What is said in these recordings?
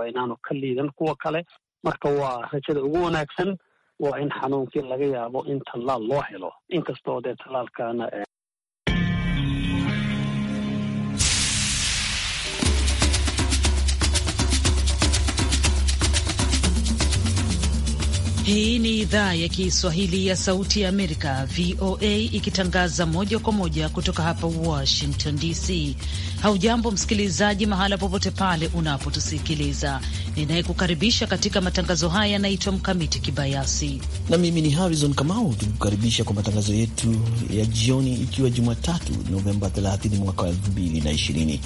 inaanu ka liidan kuwa kale marka waa rajada ugu wanaagsan waa in xanuunkii laga yaabo in tallaal loo helo inkastoo dee tallaalkaana Hii ni idhaa ya Kiswahili ya Sauti ya Amerika, VOA, ikitangaza moja kwa moja kutoka hapa Washington DC. Haujambo msikilizaji, mahala popote pale unapotusikiliza. Ninayekukaribisha katika matangazo haya yanaitwa Mkamiti Kibayasi na mimi ni Harrison Kamau, tukikukaribisha kwa matangazo yetu ya jioni, ikiwa Jumatatu Novemba 30 mwaka 2020.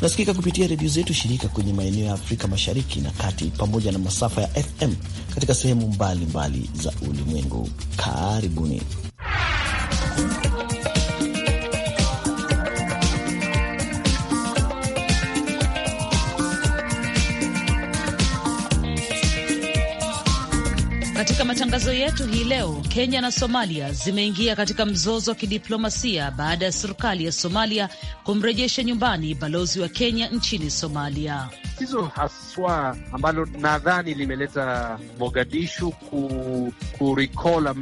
Tunasikika kupitia redio zetu shirika kwenye maeneo ya Afrika Mashariki na Kati, pamoja na masafa ya FM katika sehemu mbalimbali mbali za ulimwengu. Karibuni Katika matangazo yetu hii leo, Kenya na Somalia zimeingia katika mzozo wa kidiplomasia baada ya serikali ya Somalia kumrejesha nyumbani balozi wa Kenya nchini Somalia tatizo haswa ambalo nadhani limeleta Mogadishu ku, kurikola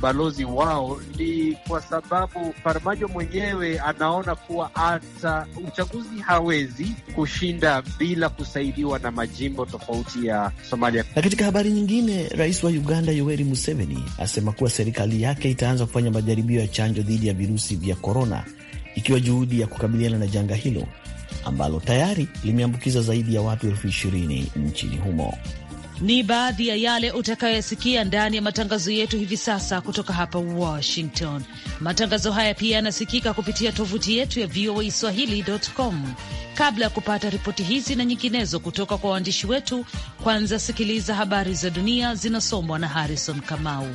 balozi wao ni kwa sababu Farmajo mwenyewe anaona kuwa hata uchaguzi hawezi kushinda bila kusaidiwa na majimbo tofauti ya Somalia. Na katika habari nyingine, rais wa Uganda Yoweri Museveni asema kuwa serikali yake itaanza kufanya majaribio ya chanjo dhidi ya virusi vya korona, ikiwa juhudi ya kukabiliana na janga hilo ambalo tayari limeambukiza zaidi ya watu elfu ishirini nchini humo. Ni baadhi ya yale utakayoyasikia ndani ya matangazo yetu hivi sasa kutoka hapa Washington. Matangazo haya pia yanasikika kupitia tovuti yetu ya VOA Swahili.com. Kabla ya kupata ripoti hizi na nyinginezo kutoka kwa waandishi wetu, kwanza sikiliza habari za dunia zinasomwa na Harrison Kamau.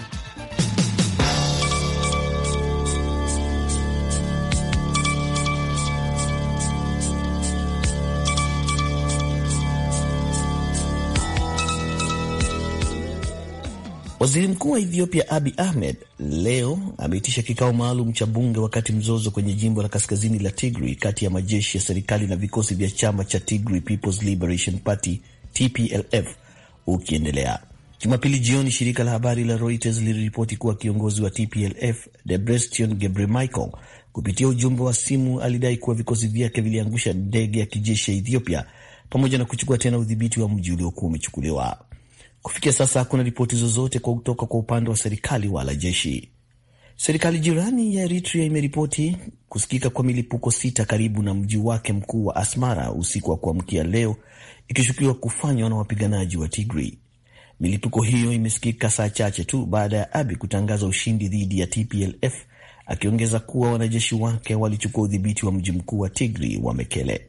Waziri Mkuu wa Ethiopia Abi Ahmed leo ameitisha kikao maalum cha bunge wakati mzozo kwenye jimbo la kaskazini la Tigray kati ya majeshi ya serikali na vikosi vya chama cha Tigray People's Liberation Party TPLF ukiendelea. Jumapili jioni, shirika la habari la Reuters liliripoti kuwa kiongozi wa TPLF Debretsion Gebremichael kupitia ujumbe wa simu alidai kuwa vikosi vyake viliangusha ndege ya kijeshi ya Ethiopia pamoja na kuchukua tena udhibiti wa mji uliokuwa umechukuliwa. Kufikia sasa hakuna ripoti zozote kutoka kwa upande wa serikali wala jeshi. Serikali jirani ya Eritrea imeripoti kusikika kwa milipuko sita karibu na mji wake mkuu wa Asmara usiku wa kuamkia leo, ikishukiwa kufanywa na wapiganaji wa Tigri. Milipuko hiyo imesikika saa chache tu baada ya Abi kutangaza ushindi dhidi ya TPLF, akiongeza kuwa wanajeshi wake walichukua udhibiti wa mji mkuu wa Tigri wa Mekele.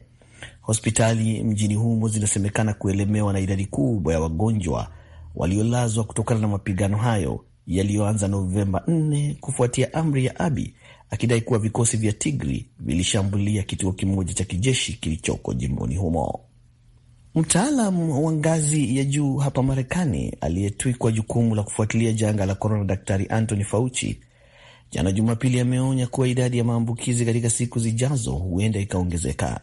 Hospitali mjini humo zinasemekana kuelemewa na idadi kubwa ya wagonjwa waliolazwa kutokana na mapigano hayo yaliyoanza Novemba 4 kufuatia amri ya Abi akidai kuwa vikosi vya Tigri vilishambulia kituo kimoja cha kijeshi kilichoko jimboni humo. Mtaalam wa ngazi ya juu hapa Marekani aliyetwikwa jukumu la kufuatilia janga la korona, Daktari Anthony Fauci jana Jumapili ameonya kuwa idadi ya maambukizi katika siku zijazo huenda ikaongezeka.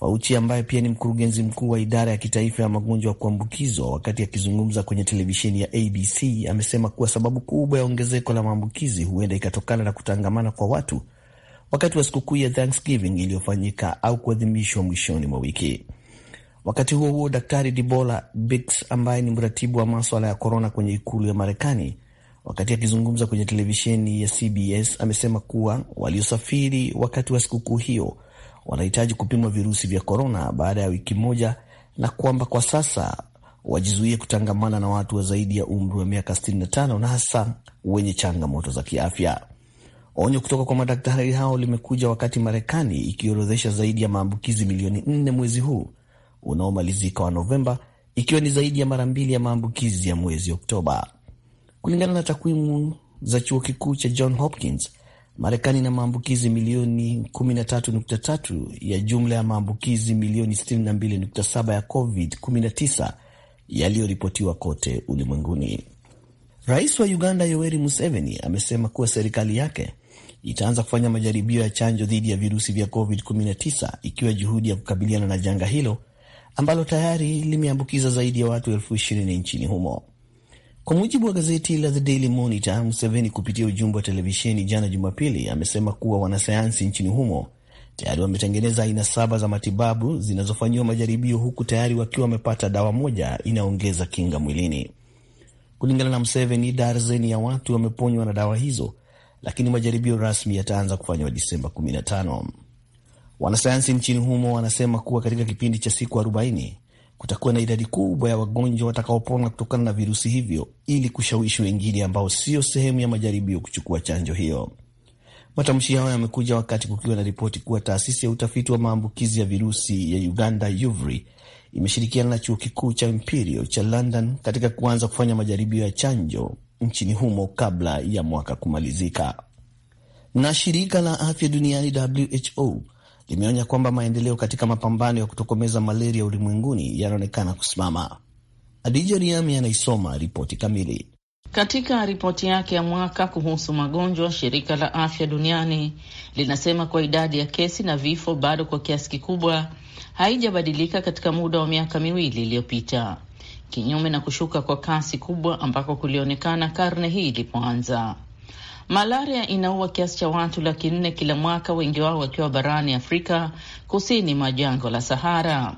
Fauchi ambaye pia ni mkurugenzi mkuu wa idara ya kitaifa ya magonjwa ya kuambukizwa, wakati akizungumza kwenye televisheni ya ABC amesema kuwa sababu kubwa ya ongezeko la maambukizi huenda ikatokana na kutangamana kwa watu wakati wa sikukuu ya Thanksgiving iliyofanyika au kuadhimishwa mwishoni mwa wiki. Wakati huo huo, Daktari Dibola Bix ambaye ni mratibu wa maswala ya korona kwenye ikulu ya Marekani, wakati akizungumza kwenye televisheni ya CBS amesema kuwa waliosafiri wakati wa sikukuu hiyo wanahitaji kupimwa virusi vya korona baada ya wiki moja, na kwamba kwa sasa wajizuie kutangamana na watu wa zaidi ya umri wa miaka 65 na hasa wenye changamoto za kiafya. Onyo kutoka kwa madaktari hao limekuja wakati Marekani ikiorodhesha zaidi ya maambukizi milioni nne mwezi huu unaomalizika wa Novemba, ikiwa ni zaidi ya mara mbili ya maambukizi ya mwezi Oktoba, kulingana na takwimu za chuo kikuu cha John Hopkins. Marekani ina maambukizi milioni 13.3 ya jumla ya maambukizi milioni 62.7 ya COVID-19 yaliyoripotiwa kote ulimwenguni. Rais wa Uganda Yoweri Museveni amesema kuwa serikali yake itaanza kufanya majaribio ya chanjo dhidi ya virusi vya COVID-19 ikiwa juhudi ya kukabiliana na janga hilo ambalo tayari limeambukiza zaidi ya watu elfu ishirini nchini humo. Kwa mujibu wa gazeti la The Daily Monitor, Museveni kupitia ujumbe wa televisheni jana Jumapili amesema kuwa wanasayansi nchini humo tayari wametengeneza aina saba za matibabu zinazofanyiwa majaribio huku tayari wakiwa wamepata dawa moja inayoongeza kinga mwilini. Kulingana na Museveni, darzeni ya watu wameponywa na dawa hizo, lakini majaribio rasmi yataanza kufanywa Disemba 15. Wanasayansi nchini humo wanasema kuwa katika kipindi cha siku kutakuwa na idadi kubwa ya wagonjwa watakaopona kutokana na virusi hivyo ili kushawishi wengine ambao sio sehemu ya majaribio kuchukua chanjo hiyo. Matamshi hayo yamekuja wakati kukiwa na ripoti kuwa taasisi ya utafiti wa maambukizi ya virusi ya Uganda YUVRI imeshirikiana na chuo kikuu cha Imperial cha London katika kuanza kufanya majaribio ya chanjo nchini humo kabla ya mwaka kumalizika. Na shirika la afya duniani WHO limeonya kwamba maendeleo katika mapambano ya kutokomeza malaria ulimwenguni yanaonekana kusimama. Adija Riami anaisoma ripoti kamili. Katika ripoti yake ya mwaka kuhusu magonjwa, shirika la afya duniani linasema kwa idadi ya kesi na vifo bado kwa kiasi kikubwa haijabadilika katika muda wa miaka miwili iliyopita, kinyume na kushuka kwa kasi kubwa ambako kulionekana karne hii ilipoanza. Malaria inaua kiasi cha watu laki nne kila mwaka, wengi wao wakiwa barani Afrika kusini mwa jangwa la Sahara.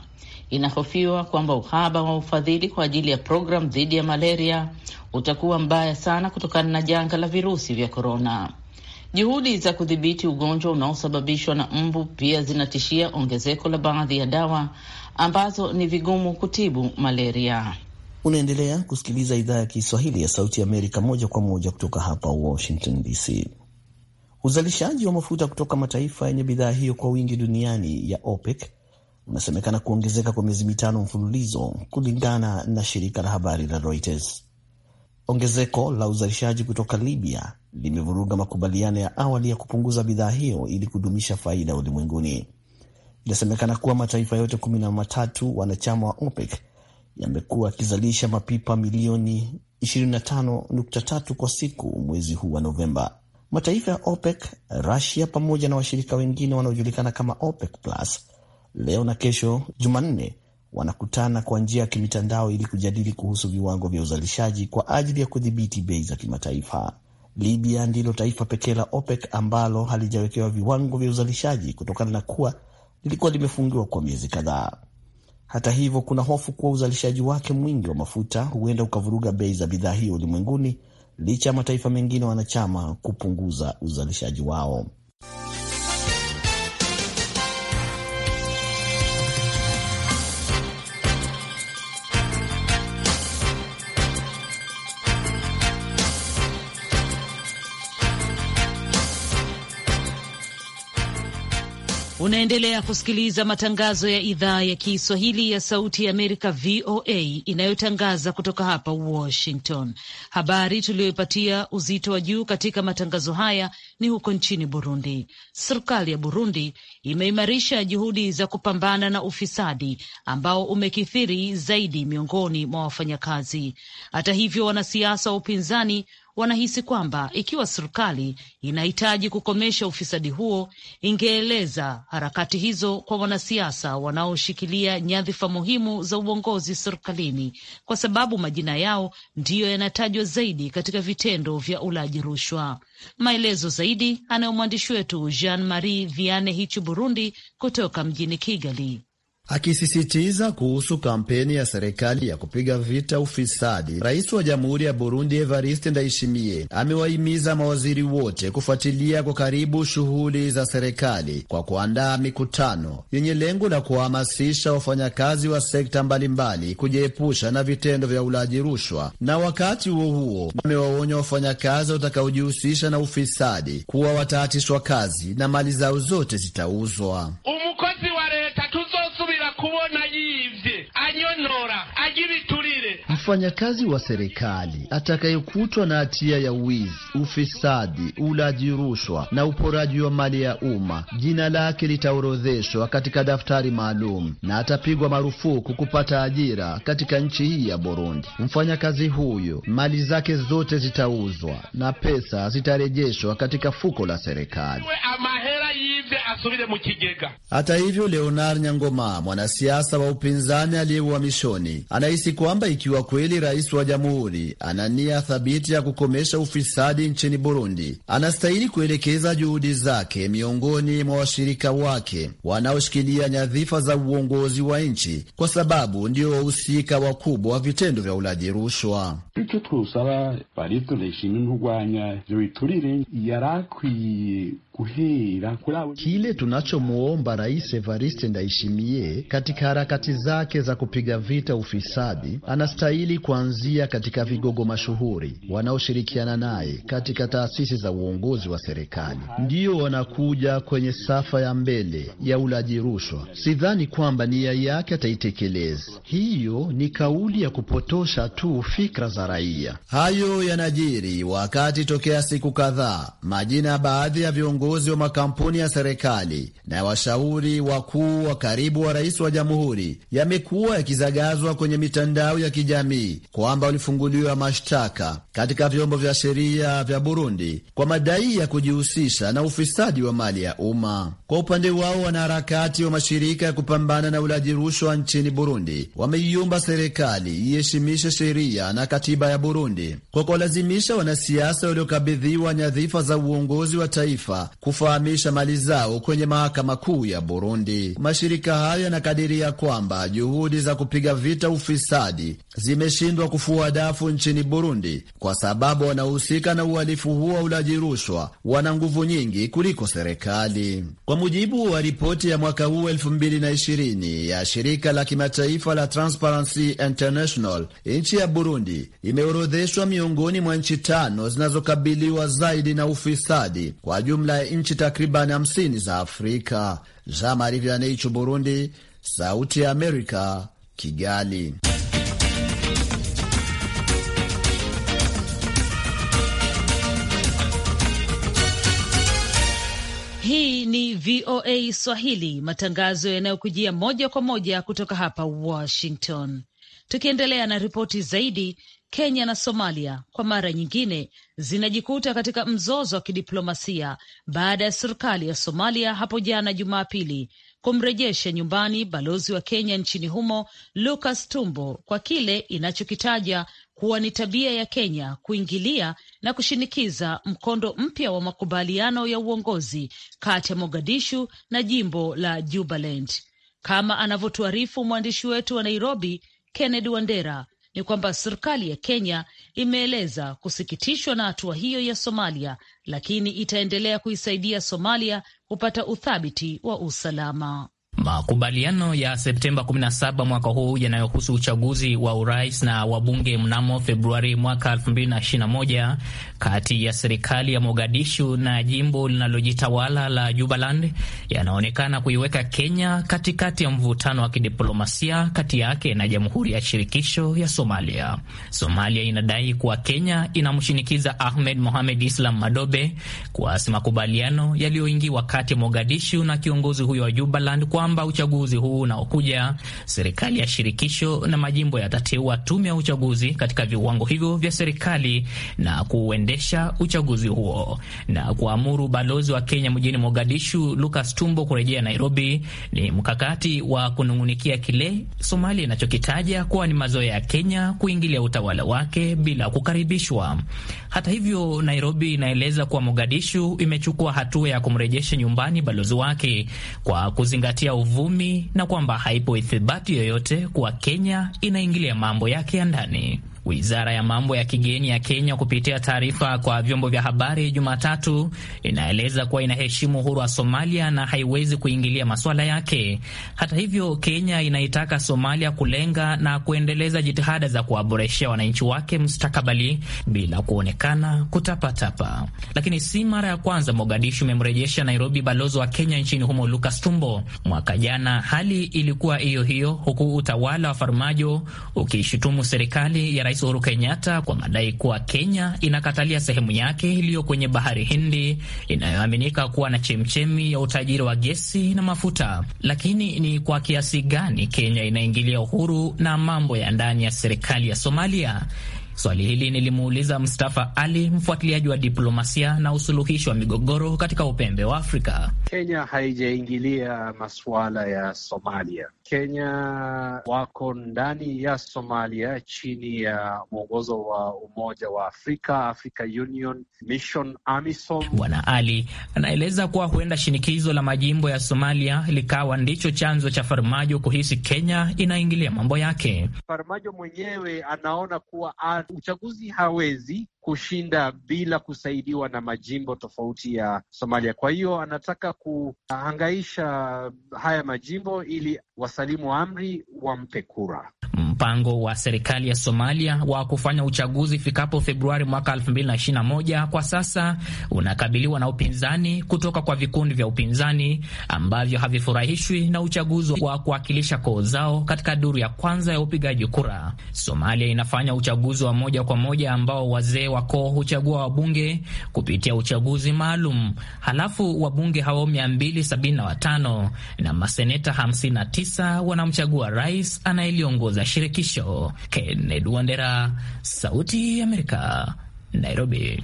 Inahofiwa kwamba uhaba wa ufadhili kwa ajili ya programu dhidi ya malaria utakuwa mbaya sana kutokana na janga la virusi vya korona. Juhudi za kudhibiti ugonjwa unaosababishwa na mbu pia zinatishia ongezeko la baadhi ya dawa ambazo ni vigumu kutibu malaria. Unaendelea kusikiliza idhaa ya Kiswahili ya Sauti Amerika moja kwa moja kutoka hapa Washington DC. Uzalishaji wa mafuta kutoka mataifa yenye bidhaa hiyo kwa wingi duniani ya OPEC unasemekana kuongezeka kwa miezi mitano mfululizo, kulingana na shirika la habari la Reuters. Ongezeko la uzalishaji kutoka Libya limevuruga makubaliano ya awali ya kupunguza bidhaa hiyo ili kudumisha faida ulimwenguni. Inasemekana kuwa mataifa yote kumi na matatu wanachama wa OPEC yamekuwa yakizalisha mapipa milioni 25.3 kwa siku mwezi huu wa Novemba. Mataifa ya OPEC, Rusia pamoja na washirika wengine wanaojulikana kama OPEC Plus leo na kesho Jumanne wanakutana kwa njia ya kimitandao ili kujadili kuhusu viwango vya uzalishaji kwa ajili ya kudhibiti bei za kimataifa. Libya ndilo taifa pekee la OPEC ambalo halijawekewa viwango vya uzalishaji kutokana na kuwa lilikuwa limefungiwa kwa miezi kadhaa. Hata hivyo, kuna hofu kuwa uzalishaji wake mwingi wa mafuta huenda ukavuruga bei za bidhaa hiyo ulimwenguni licha ya mataifa mengine wanachama kupunguza uzalishaji wao. Unaendelea kusikiliza matangazo ya idhaa ya Kiswahili ya Sauti ya Amerika, VOA, inayotangaza kutoka hapa Washington. Habari tuliyoipatia uzito wa juu katika matangazo haya ni huko nchini Burundi. Serikali ya Burundi imeimarisha juhudi za kupambana na ufisadi ambao umekithiri zaidi miongoni mwa wafanyakazi. Hata hivyo, wanasiasa wa upinzani wanahisi kwamba ikiwa serikali inahitaji kukomesha ufisadi huo ingeeleza harakati hizo kwa wanasiasa wanaoshikilia nyadhifa muhimu za uongozi serikalini, kwa sababu majina yao ndiyo yanatajwa zaidi katika vitendo vya ulaji rushwa. Maelezo zaidi anayo mwandishi wetu Jean Marie Viane Hichu Burundi, kutoka mjini Kigali. Akisisitiza kuhusu kampeni ya serikali ya kupiga vita ufisadi, rais wa jamhuri ya Burundi Evariste Ndayishimiye amewahimiza mawaziri wote kufuatilia kwa karibu shughuli za serikali kwa kuandaa mikutano yenye lengo la kuwahamasisha wafanyakazi wa sekta mbalimbali kujiepusha na vitendo vya ulaji rushwa, na wakati huo huo amewaonya wafanyakazi watakaojihusisha na ufisadi kuwa wataatishwa kazi na mali zao zote zitauzwa. Mfanyakazi wa serikali atakayekutwa na hatia ya wizi, ufisadi, ulaji rushwa na uporaji wa mali ya umma, jina lake litaorodheshwa katika daftari maalum na atapigwa marufuku kupata ajira katika nchi hii ya Burundi. Mfanyakazi huyo, mali zake zote zitauzwa na pesa zitarejeshwa katika fuko la serikali asubire mu kigega. Hata hivyo, Leonard Nyangoma, mwanasiasa wa upinzani aliye uhamishoni, anahisi kwamba ikiwa kweli rais wa jamhuri ana nia thabiti ya kukomesha ufisadi nchini Burundi, anastahili kuelekeza juhudi zake miongoni mwa washirika wake wanaoshikilia nyadhifa za uongozi wa nchi, kwa sababu ndio wahusika wakubwa wa vitendo vya ulaji rushwa. vyo biturire yarakwiye guhera kuri Kile tunachomwomba Rais Evariste Ndayishimiye katika harakati zake za kupiga vita ufisadi, anastahili kuanzia katika vigogo mashuhuri wanaoshirikiana naye katika taasisi za uongozi wa serikali, ndiyo wanakuja kwenye safa ya mbele ya ulaji rushwa. Sidhani kwamba nia yake ataitekeleza. Hiyo ni kauli ya kupotosha tu fikra za raia. Hayo yanajiri wakati tokea siku kadhaa majina ya baadhi ya viongozi wa makampuni ya serikali serikali na washauri wakuu wa karibu wa rais wa jamhuri yamekuwa yakizagazwa kwenye mitandao ya kijamii kwamba walifunguliwa mashtaka katika vyombo vya sheria vya Burundi kwa madai ya kujihusisha na ufisadi wa mali ya umma. Kwa upande wao, wanaharakati wa mashirika ya kupambana na ulaji rushwa nchini Burundi wameiomba serikali iheshimishe sheria na katiba ya Burundi kwa kuwalazimisha wanasiasa waliokabidhiwa nyadhifa za uongozi wa taifa kufahamisha mali zao kwenye mahakama kuu ya Burundi. Mashirika hayo yanakadiria kwamba juhudi za kupiga vita ufisadi zimeshindwa kufua dafu nchini Burundi kwa sababu wanahusika na uhalifu huo wa ulaji rushwa wana nguvu nyingi kuliko serikali. Kwa mujibu wa ripoti ya mwaka huu 2020 ya shirika la kimataifa la Transparency International, nchi ya Burundi imeorodheshwa miongoni mwa nchi tano zinazokabiliwa zaidi na ufisadi, kwa jumla ya nchi takriban 50 za Afrika. Jean Marie Vianney Hichu, Burundi. Sauti ya Amerika, Kigali. Hii ni VOA Swahili, matangazo yanayokujia moja kwa moja kutoka hapa Washington. Tukiendelea na ripoti zaidi, Kenya na Somalia kwa mara nyingine zinajikuta katika mzozo wa kidiplomasia baada ya serikali ya Somalia hapo jana Jumapili kumrejesha nyumbani balozi wa Kenya nchini humo Lucas Tumbo kwa kile inachokitaja kuwa ni tabia ya Kenya kuingilia na kushinikiza mkondo mpya wa makubaliano ya uongozi kati ya Mogadishu na jimbo la Jubaland, kama anavyotuarifu mwandishi wetu wa Nairobi Kennedy Wandera ni kwamba serikali ya Kenya imeeleza kusikitishwa na hatua hiyo ya Somalia, lakini itaendelea kuisaidia Somalia kupata uthabiti wa usalama. Makubaliano ya Septemba 17 mwaka huu yanayohusu uchaguzi wa urais na wabunge mnamo Februari mwaka 2021 kati ya serikali ya Mogadishu na jimbo linalojitawala la Jubaland yanaonekana kuiweka Kenya katikati ya mvutano wa kidiplomasia kati yake na Jamhuri ya Shirikisho ya Somalia. Somalia inadai kuwa Kenya inamshinikiza Ahmed Mohamed Islam Madobe kuasi makubaliano yaliyoingiwa kati ya Mogadishu na kiongozi huyo wa Jubaland kwa kwamba uchaguzi huu unaokuja, serikali ya shirikisho na majimbo yatateua tume ya uchaguzi katika viwango hivyo vya serikali na kuuendesha uchaguzi huo na kuamuru balozi wa Kenya mjini Mogadishu Lucas Tumbo kurejea Nairobi ni mkakati wa kunung'unikia kile Somalia inachokitaja kuwa ni mazoea ya Kenya kuingilia utawala wake bila kukaribishwa. Hata hivyo, Nairobi inaeleza kuwa Mogadishu imechukua hatua ya kumrejesha nyumbani balozi wake kwa kuzingatia uvumi na kwamba haipo ithibati yoyote kuwa Kenya inaingilia mambo yake ya ndani. Wizara ya mambo ya kigeni ya Kenya kupitia taarifa kwa vyombo vya habari Jumatatu inaeleza kuwa inaheshimu uhuru wa Somalia na haiwezi kuingilia masuala yake. Hata hivyo, Kenya inaitaka Somalia kulenga na kuendeleza jitihada za kuwaboreshea wananchi wake mustakabali bila kuonekana kutapatapa. Lakini si mara ya kwanza Mogadishu imemrejesha Nairobi balozi wa Kenya nchini humo Lucas Tumbo. Mwaka jana hali ilikuwa hiyo hiyo, huku utawala wa Farmajo ukiishutumu serikali ya Rais Uhuru Kenyatta kwa madai kuwa Kenya inakatalia sehemu yake iliyo kwenye bahari Hindi inayoaminika kuwa na chemchemi ya utajiri wa gesi na mafuta. Lakini ni kwa kiasi gani Kenya inaingilia uhuru na mambo ya ndani ya serikali ya Somalia? Swali hili nilimuuliza Mustafa Ali, mfuatiliaji wa diplomasia na usuluhishi wa migogoro katika upembe wa Afrika. Kenya haijaingilia masuala ya Somalia. Kenya wako ndani ya Somalia chini ya mwongozo wa Umoja wa Afrika, Africa Union Mission, AMISOM. Bwana Ali anaeleza kuwa huenda shinikizo la majimbo ya Somalia likawa ndicho chanzo cha Farmajo kuhisi Kenya inaingilia mambo yake. Farmajo mwenyewe anaona kuwa uchaguzi hawezi kushinda bila kusaidiwa na majimbo tofauti ya Somalia. Kwa hiyo anataka kuhangaisha haya majimbo ili wasalimu amri wampe kura. Mpango wa serikali ya Somalia wa kufanya uchaguzi ifikapo Februari mwaka 2021 kwa sasa unakabiliwa na upinzani kutoka kwa vikundi vya upinzani ambavyo havifurahishwi na uchaguzi wa kuwakilisha koo zao katika duru ya kwanza ya upigaji kura. Somalia inafanya uchaguzi wa moja kwa moja ambao wazee wa koo huchagua wabunge kupitia uchaguzi maalum, halafu wabunge hao 275 na maseneta 59 wanamchagua rais anayeliongoza shirika shirikisho. Kennedy Wandera, Sauti ya Amerika, Nairobi.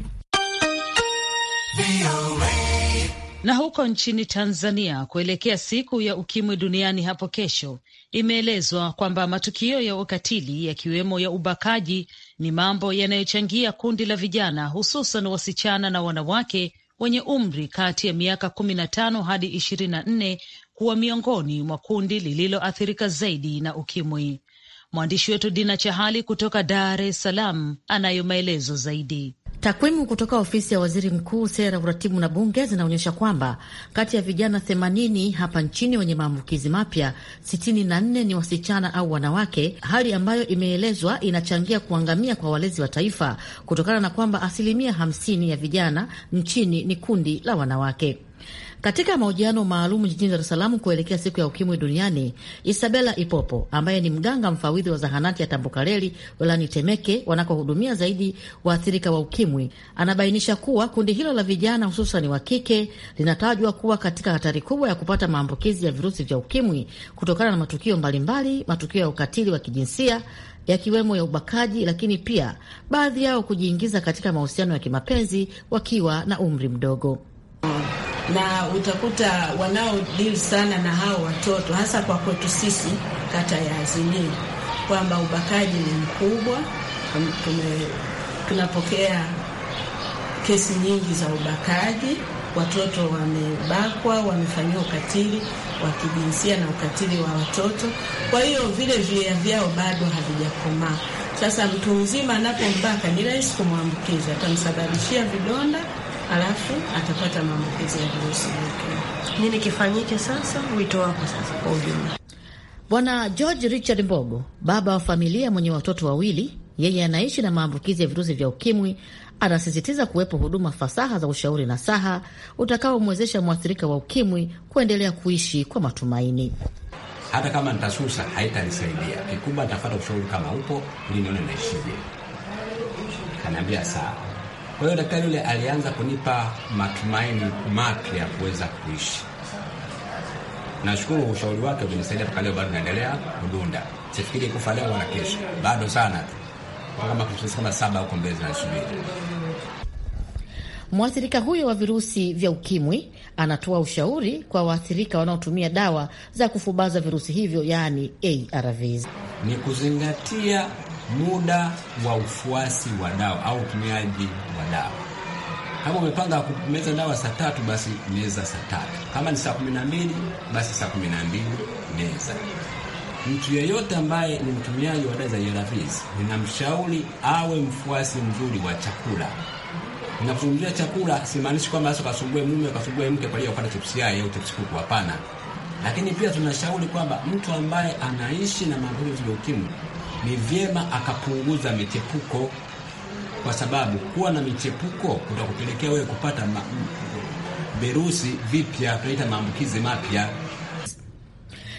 Na huko nchini Tanzania, kuelekea siku ya ukimwi duniani hapo kesho, imeelezwa kwamba matukio ya ukatili yakiwemo ya ubakaji ni mambo yanayochangia kundi la vijana, hususan wasichana na wanawake wenye umri kati ya miaka kumi na tano hadi ishirini na nne kuwa miongoni mwa kundi lililoathirika zaidi na ukimwi. Mwandishi wetu Dina Chahali kutoka Dar es Salaam anayo maelezo zaidi. Takwimu kutoka ofisi ya waziri mkuu, sera, uratibu na bunge zinaonyesha kwamba kati ya vijana 80 hapa nchini wenye maambukizi mapya, 64 ni wasichana au wanawake, hali ambayo imeelezwa inachangia kuangamia kwa walezi wa taifa kutokana na kwamba asilimia 50 ya vijana nchini ni kundi la wanawake. Katika mahojiano maalum jijini Dar es Salaam kuelekea siku ya ukimwi duniani, Isabela Ipopo ambaye ni mganga mfawidhi wa zahanati ya Tambukareli wilayani Temeke wanakohudumia zaidi waathirika wa ukimwi, anabainisha kuwa kundi hilo la vijana hususani wa kike linatajwa kuwa katika hatari kubwa ya kupata maambukizi ya virusi vya ukimwi kutokana na matukio mbalimbali, matukio ya ukatili wa kijinsia yakiwemo ya ubakaji, lakini pia baadhi yao kujiingiza katika mahusiano ya kimapenzi wakiwa na umri mdogo na utakuta wanao deal sana na hao watoto hasa kwa kwetu sisi kata ya Azimio kwamba ubakaji ni mkubwa. Tume, tunapokea kesi nyingi za ubakaji, watoto wamebakwa, wamefanyiwa ukatili wa kijinsia na ukatili wa watoto. Kwa hiyo vile vilea vyao bado havijakomaa. Sasa mtu mzima anapombaka ni rahisi kumwambukiza, atamsababishia vidonda alafu atapata maambukizi ya virusi vya ukimwi. Nini kifanyike sasa? Wito wako sasa kwa ujumla? Bwana George Richard Mbogo, baba wa familia mwenye watoto wawili, yeye anaishi na maambukizi ya virusi vya ukimwi, anasisitiza kuwepo huduma fasaha za ushauri na saha utakaomwezesha mwathirika wa ukimwi kuendelea kuishi kwa matumaini. Hata kama nitasusa haitanisaidia kikubwa, nitafata ushauri kama upo ili nione naishije. Kanaambia sawa kwa hiyo daktari yule alianza kunipa matumaini mapya ya kuweza kuishi. Nashukuru ushauri wake umenisaidia mpaka leo, bado naendelea kudunda. Sifikiri kufa leo wala kesho, bado sana tu, kama kama saba huko mbele zinasubiri. Mwathirika huyo wa virusi vya ukimwi anatoa ushauri kwa waathirika wanaotumia dawa za kufubaza virusi hivyo, yaani ARVs, ni kuzingatia muda wa ufuasi wa dawa au utumiaji wa dawa. Kama umepanga kumeza dawa saa tatu, basi meza saa tatu. Kama ni saa kumi na mbili, basi saa kumi na mbili meza. Mtu yeyote ambaye ni mtumiaji wa dawa za ARVs ninamshauri awe mfuasi mzuri wa chakula. Ninapozungumzia chakula, simaanishi kwamba sasa kasugue mume kasugue mke kwa hiyo upate chipsi au chipsi kuku, hapana. Lakini pia tunashauri kwamba mtu ambaye anaishi na magonjwa ya ukimwi ni vyema akapunguza michepuko, kwa sababu kuwa na michepuko kutakupelekea wewe kupata virusi vipya, tunaita maambukizi mapya.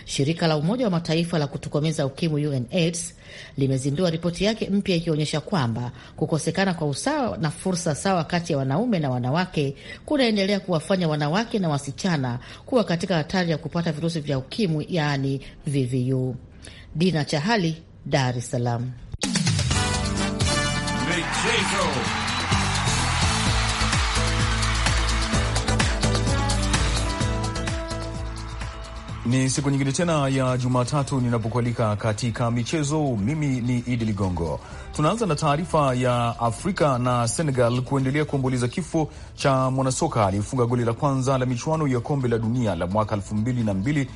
Shirika la Umoja wa Mataifa la kutokomeza ukimwi UNAIDS limezindua ripoti yake mpya ikionyesha kwamba kukosekana kwa usawa na fursa sawa kati ya wanaume na wanawake kunaendelea kuwafanya wanawake na wasichana kuwa katika hatari ya kupata virusi vya ukimwi yaani VVU. Dina Chahali Dar es Salaam. Michezo. Ni siku nyingine tena ya Jumatatu ninapokualika katika michezo. Mimi ni Idi Ligongo. Tunaanza na taarifa ya Afrika na Senegal kuendelea kuomboleza kifo cha mwanasoka aliyefunga goli la kwanza la michuano ya kombe la dunia la mwaka elfu mbili na mbili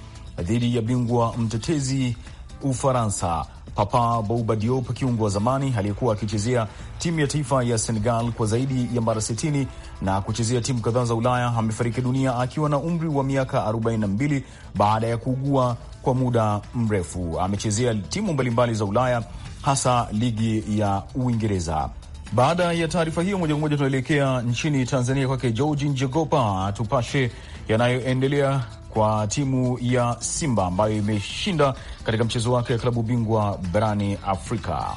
dhidi ya bingwa mtetezi Ufaransa. Papa Bouba Diop, kiungo wa zamani aliyekuwa akichezea timu ya taifa ya Senegal kwa zaidi ya mara 60 na kuchezea timu kadhaa za Ulaya, amefariki dunia akiwa na umri wa miaka 42 baada ya kuugua kwa muda mrefu. Amechezea timu mbalimbali za Ulaya hasa ligi ya Uingereza. Baada ya taarifa hiyo, moja kwa moja tunaelekea nchini Tanzania, kwake Georgi Njegopa tupashe yanayoendelea kwa timu ya Simba ambayo imeshinda katika mchezo wake wa klabu bingwa barani Afrika.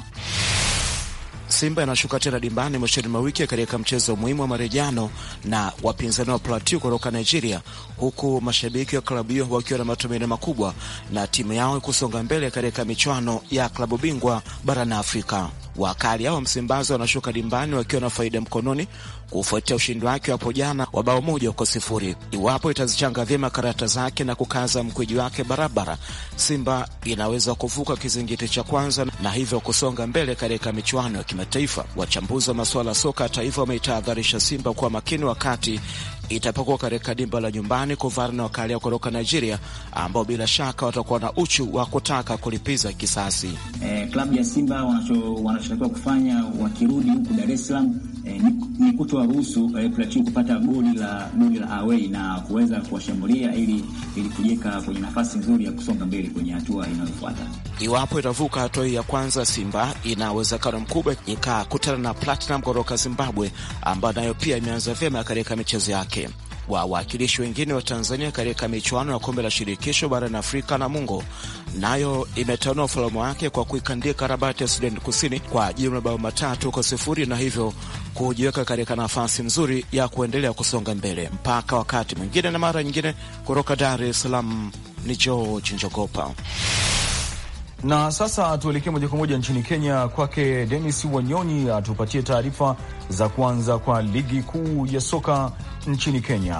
Simba inashuka tena dimbani mwishoni mwa wiki katika mchezo muhimu wa marejano na wapinzani wa Plateau kutoka Nigeria, huku mashabiki wa klabu hiyo wakiwa na matumaini makubwa na timu yao kusonga mbele katika michuano ya klabu bingwa barani Afrika. Wakali hao Msimbazi wanashuka dimbani wakiwa na faida mkononi kufuatia ushindi wake hapo jana wa bao moja kwa sifuri. Iwapo itazichanga vyema karata zake na kukaza mkwiji wake barabara, Simba inaweza kuvuka kizingiti cha kwanza na hivyo kusonga mbele katika michuano ya kimataifa. Wachambuzi wa masuala ya soka, hata hivyo, wameitahadharisha Simba kuwa makini wakati itapokuwa katika dimba la nyumbani kuvana na wakalia kutoka Nigeria ambao bila shaka watakuwa na uchu wa kutaka kulipiza kisasi. Eh, klabu ya Simba wanachotakiwa kufanya wakirudi huku Dar es Salaam eh, ni kutowaruhusu eh, Plateau kupata goli la goli la away na kuweza kuwashambulia ili ili kujeka kwenye nafasi nzuri ya kusonga mbele kwenye hatua inayofuata. Iwapo itavuka hatua ya kwanza, Simba ina uwezekano mkubwa ikakutana na Platinum kutoka Zimbabwe ambayo nayo pia imeanza vyema katika michezo yake wawakilishi wengine wa Tanzania katika michuano ya kombe la shirikisho barani Afrika na Mungo nayo imetanua ufalamu wake kwa kuikandika Rabati ya Sudan Kusini kwa jumla bao matatu kwa sifuri na hivyo kujiweka katika nafasi nzuri ya kuendelea kusonga mbele mpaka wakati mwingine na mara nyingine. Kutoka Dar es Salaam ni George Njogopa. Na sasa tuelekee moja kwa moja nchini Kenya, kwake Denis Wanyonyi atupatie taarifa za kuanza kwa ligi kuu ya soka nchini Kenya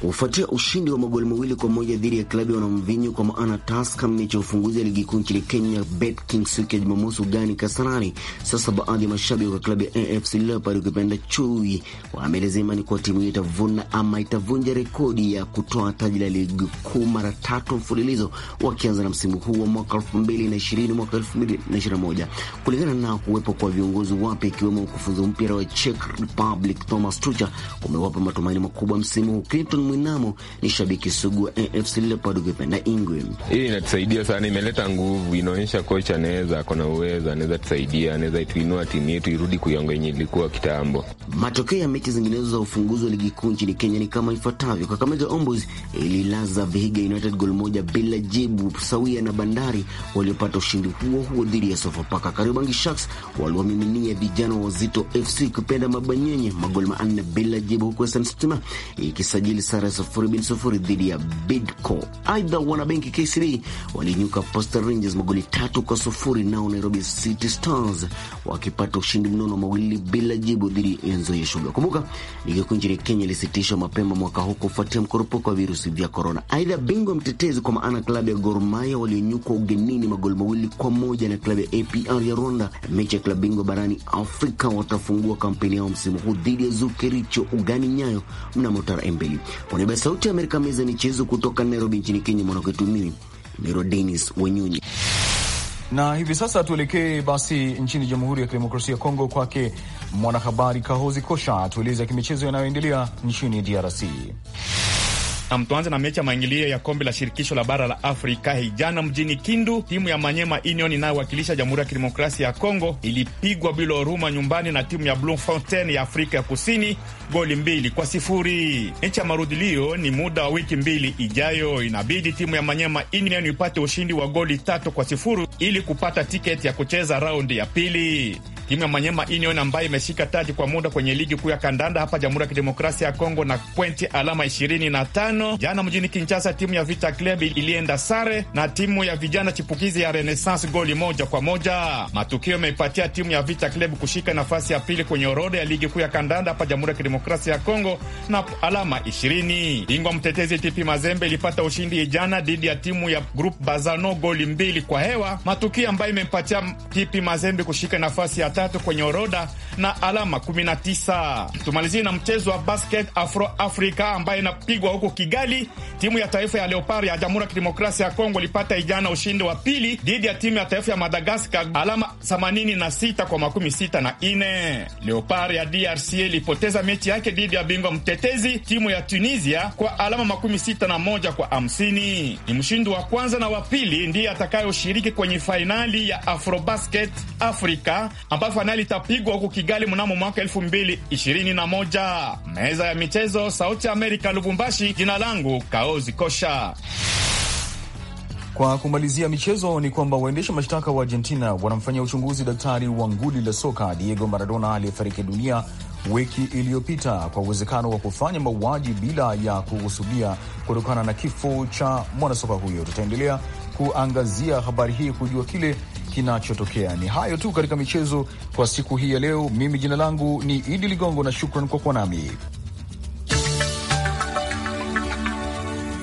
kufuatia ushindi wa magoli mawili kwa moja dhidi ya klabu ya wanamvinyu kwa maana Taska. Mechi ya ufunguzi ya ligi kuu nchini Kenya BetKings siku ya Jumamosi ugani Kasarani. Sasa baadhi ya mashabiki wa klabu ya AFC Leopards ukipenda chui wameelezea imani kuwa timu hiyo itavuna ama itavunja rekodi ya kutoa taji la ligi kuu mara tatu mfululizo wakianza na msimu huu wa mwaka elfu mbili na ishirini mwaka elfu mbili na moja kulingana na kuwepo kwa viongozi wapya ikiwemo mkufunzi mpya wa Czech Republic Thomas Tuchel kumewapa matumaini makubwa msimu huu. Clinton Mwinamo ni shabiki sugu wa AFC Leopard, ukipenda Ingwe. Hii inatusaidia sana, imeleta nguvu, inaonyesha kocha anaweza, akona uwezo, anaweza tusaidia, anaweza tuinua timu yetu irudi kuyonga yenye ilikuwa kitambo. Matokeo ya mechi zinginezo za ufunguzi wa ligi kuu nchini Kenya ni kama ifuatavyo: Kakamega Ombos ililaza Vihiga United gol moja bila jibu sawia na Bandari waliopata ushindi huo huo dhidi ya Sofapaka. Kariobangi Sharks waliwamiminia vijana Wazito FC kupenda Mabanyenye magoli manne bila jibu, huku Western Stima ikisajili sare sufuri bin sufuri dhidi ya Bidco. Aidha, wanabenki KCB walinyuka Posta Rangers magoli tatu kwa sufuri, nao Nairobi City Stars wakipata ushindi mnono mawili bila jibu dhidi ya Enzo ya Shuga. Kumbuka ligi kuu nchini Kenya ilisitishwa mapema mwaka huu kufuatia mkurupuko wa virusi vya korona. Aidha, bingwa mtetezi kwa maana klabu ya Gor Mahia walionyukwa ugenini magoli mawili kwa moja na klabu ya APR ya Rwanda. Mechi ya klabu bingwa barani Afrika watafungua kampeni yao msimu huu dhidi ya Zukericho ugani Nyayo mnamo tarehe mbili. Kwa niaba ya Sauti ya Amerika, meza michezo kutoka Nairobi nchini Kenya, mwanakwetu mimi Nero Denis Wenyonyi na hivi sasa tuelekee basi nchini Jamhuri ya Kidemokrasia ya Kongo, kwake mwanahabari Kahozi Kosha atueleza kimichezo yanayoendelea nchini DRC. Nam, tuanze na mechi ya maingilio ya kombe la shirikisho la bara la Afrika. Hijana mjini Kindu, timu ya Manyema Union inayowakilisha Jamhuri ya Kidemokrasia ya Kongo ilipigwa bila huruma nyumbani na timu ya Bloemfontein ya Afrika ya Kusini goli mbili kwa sifuri. Mechi ya marudilio ni muda wa wiki mbili ijayo. Inabidi timu ya Manyema Union ipate ushindi wa goli tatu kwa sifuri ili kupata tiketi ya kucheza raundi ya pili. Timu ya Manyema Union ambayo imeshika taji kwa muda kwenye ligi kuu ya kandanda hapa Jamhuri ya Kidemokrasia ya Kongo na pointi alama 25. Jana mjini Kinshasa, timu ya Vita Club ilienda sare na timu ya vijana chipukizi ya Renaissance goli moja kwa moja. Matukio yameipatia timu ya Vita Club kushika nafasi ya pili kwenye orodha ya ligi kuu ya kandanda hapa Jamhuri ya Kidemokrasia ya Kongo na alama 20. Bingwa mtetezi TP Mazembe ilipata ushindi jana dhidi ya timu ya Group Bazano goli mbili kwa hewa, matukio ambayo imempatia TP Mazembe kushika nafasi ya tatu kwenye orodha na alama 19. Tumalizie na mchezo wa basket Afro Africa ambaye inapigwa huko Kigali. Timu ya taifa ya Leopard ya Jamhuri ya Kidemokrasia ya Kongo ilipata ijana ushindi wa pili dhidi ya timu ya taifa ya Madagaskar alama 86 kwa makumi sita na ine. Leopard ya DRC ilipoteza mechi yake dhidi ya bingwa mtetezi timu ya Tunisia kwa alama makumi sita na moja kwa hamsini. Ni mshindi wa kwanza na wa pili ndiye atakayoshiriki kwenye fainali ya Afrobasket Africa ambapo CAF analitapigwa huku Kigali mnamo mwaka 2021. Meza ya michezo, Sauti ya Amerika, Lubumbashi. Jina langu Kaozi Kosha. Kwa kumalizia michezo ni kwamba waendesha mashtaka wa Argentina wanamfanyia uchunguzi daktari wa nguli la soka Diego Maradona aliyefariki dunia wiki iliyopita kwa uwezekano wa kufanya mauaji bila ya kuhusudia kutokana na kifo cha mwanasoka huyo. Tutaendelea kuangazia habari hii kujua kile kinachotokea. Ni hayo tu katika michezo kwa siku hii ya leo. Mimi jina langu ni Idi Ligongo na shukran kwa kuwa nami.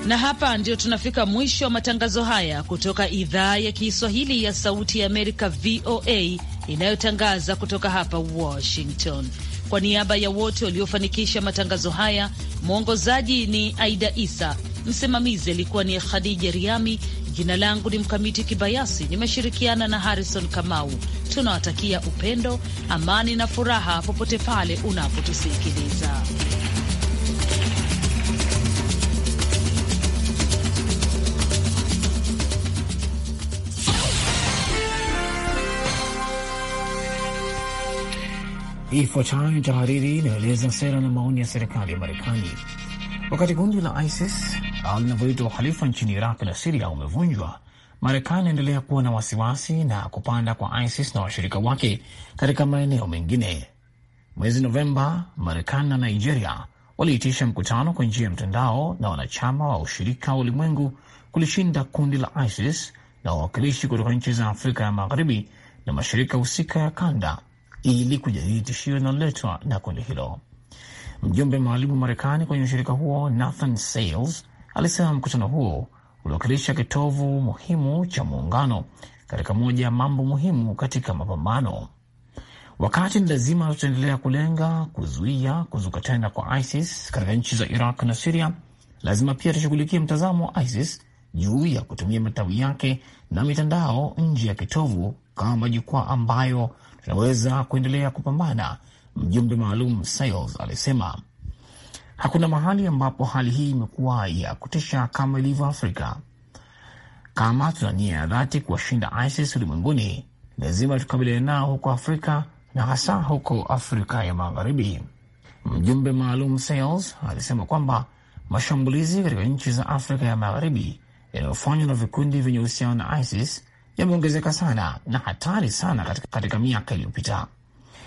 na hapa ndio tunafika mwisho wa matangazo haya kutoka idhaa ya Kiswahili ya Sauti ya Amerika, VOA, inayotangaza kutoka hapa Washington. Kwa niaba ya wote waliofanikisha matangazo haya, mwongozaji ni Aida Isa, msimamizi alikuwa ni Khadija Riami. Jina langu ni Mkamiti Kibayasi, nimeshirikiana na Harrison Kamau. Tunawatakia upendo, amani na furaha popote pale unapotusikiliza. Ifuatayo ni tahariri inayoeleza sera na maoni ya serikali ya Marekani. Wakati kundi la ISIS au linavyoitwa uhalifu nchini Iraq na Siria umevunjwa, Marekani inaendelea kuwa na wasiwasi na kupanda kwa ISIS na washirika wake katika maeneo mengine. Mwezi Novemba, Marekani na Nigeria waliitisha mkutano kwa njia ya mtandao na wanachama wa ushirika wa ulimwengu kulishinda kundi la ISIS na wawakilishi kutoka nchi za Afrika ya magharibi na mashirika husika ya kanda ili kujadili tishio linaloletwa na kundi hilo. Mjumbe maalumu wa Marekani kwenye ushirika huo Nathan Sales alisema mkutano huo uliwakilisha kitovu muhimu cha muungano katika moja ya mambo muhimu katika mapambano. Wakati ni lazima tutaendelea kulenga kuzuia kuzuka tena kwa ISIS katika nchi za Iraq na Siria, lazima pia tushughulikie mtazamo wa ISIS juu ya kutumia matawi yake na mitandao nje ya kitovu kama majukwaa ambayo tunaweza kuendelea kupambana, mjumbe maalum Sales alisema. Hakuna mahali ambapo hali hii imekuwa ya kutisha kama ilivyo Afrika. Kama tuna nia ya dhati kuwashinda ISIS ulimwenguni, lazima tukabiliane nao huko Afrika na hasa huko Afrika ya Magharibi. Mjumbe maalum Sales alisema kwamba mashambulizi katika nchi za Afrika ya Magharibi yanayofanywa na vikundi vyenye uhusiano na ISIS yameongezeka sana na hatari sana katika, katika miaka iliyopita.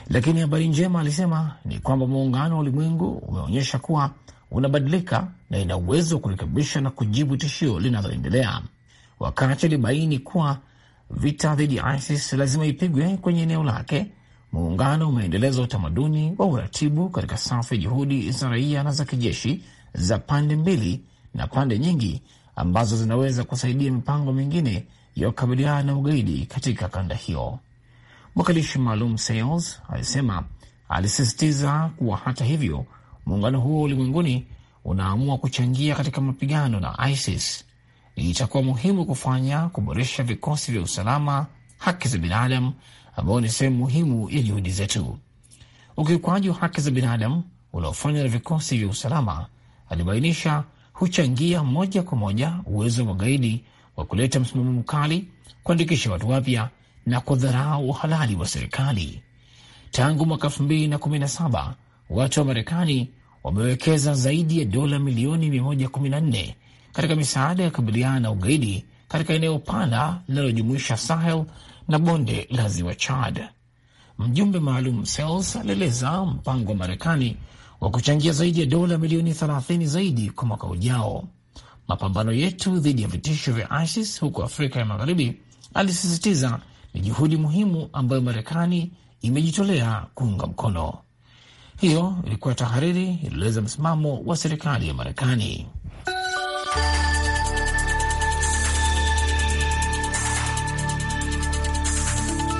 Lakini habari njema, alisema, ni kwamba muungano wa ulimwengu umeonyesha kuwa unabadilika na ina uwezo wa kurekebisha na kujibu tishio linaloendelea. Wakati alibaini kuwa vita dhidi ya ISIS lazima ipigwe kwenye eneo lake, muungano umeendeleza utamaduni wa uratibu katika safu ya juhudi za raia na za kijeshi za pande mbili na pande nyingi ambazo zinaweza kusaidia mipango mingine ya kukabiliana na ugaidi katika kanda hiyo. Mwakilishi maalum Sales alisema alisisitiza kuwa hata hivyo, muungano huo ulimwenguni unaamua kuchangia katika mapigano na ISIS, itakuwa muhimu kufanya kuboresha vikosi vya usalama, haki za binadamu, ambayo ni sehemu muhimu ya juhudi zetu. Ukiukwaji wa haki za binadamu unaofanywa na vikosi vya usalama, alibainisha, huchangia moja kwa moja uwezo wa magaidi wa kuleta msimamo mkali, kuandikisha watu wapya na kudharau uhalali wa serikali. Tangu mwaka 2017 watu wa Marekani wamewekeza zaidi ya dola milioni 114 katika misaada ya kukabiliana na ugaidi katika eneo pana linalojumuisha Sahel na bonde la ziwa Chad. Mjumbe maalum Sels alieleza mpango wa Marekani wa kuchangia zaidi ya dola milioni 30 zaidi kwa mwaka ujao. Mapambano yetu dhidi ya vitisho vya ISIS huko Afrika ya Magharibi, alisisitiza, ni juhudi muhimu ambayo Marekani imejitolea kuunga mkono. Hiyo ilikuwa tahariri, ilieleza msimamo wa serikali ya Marekani.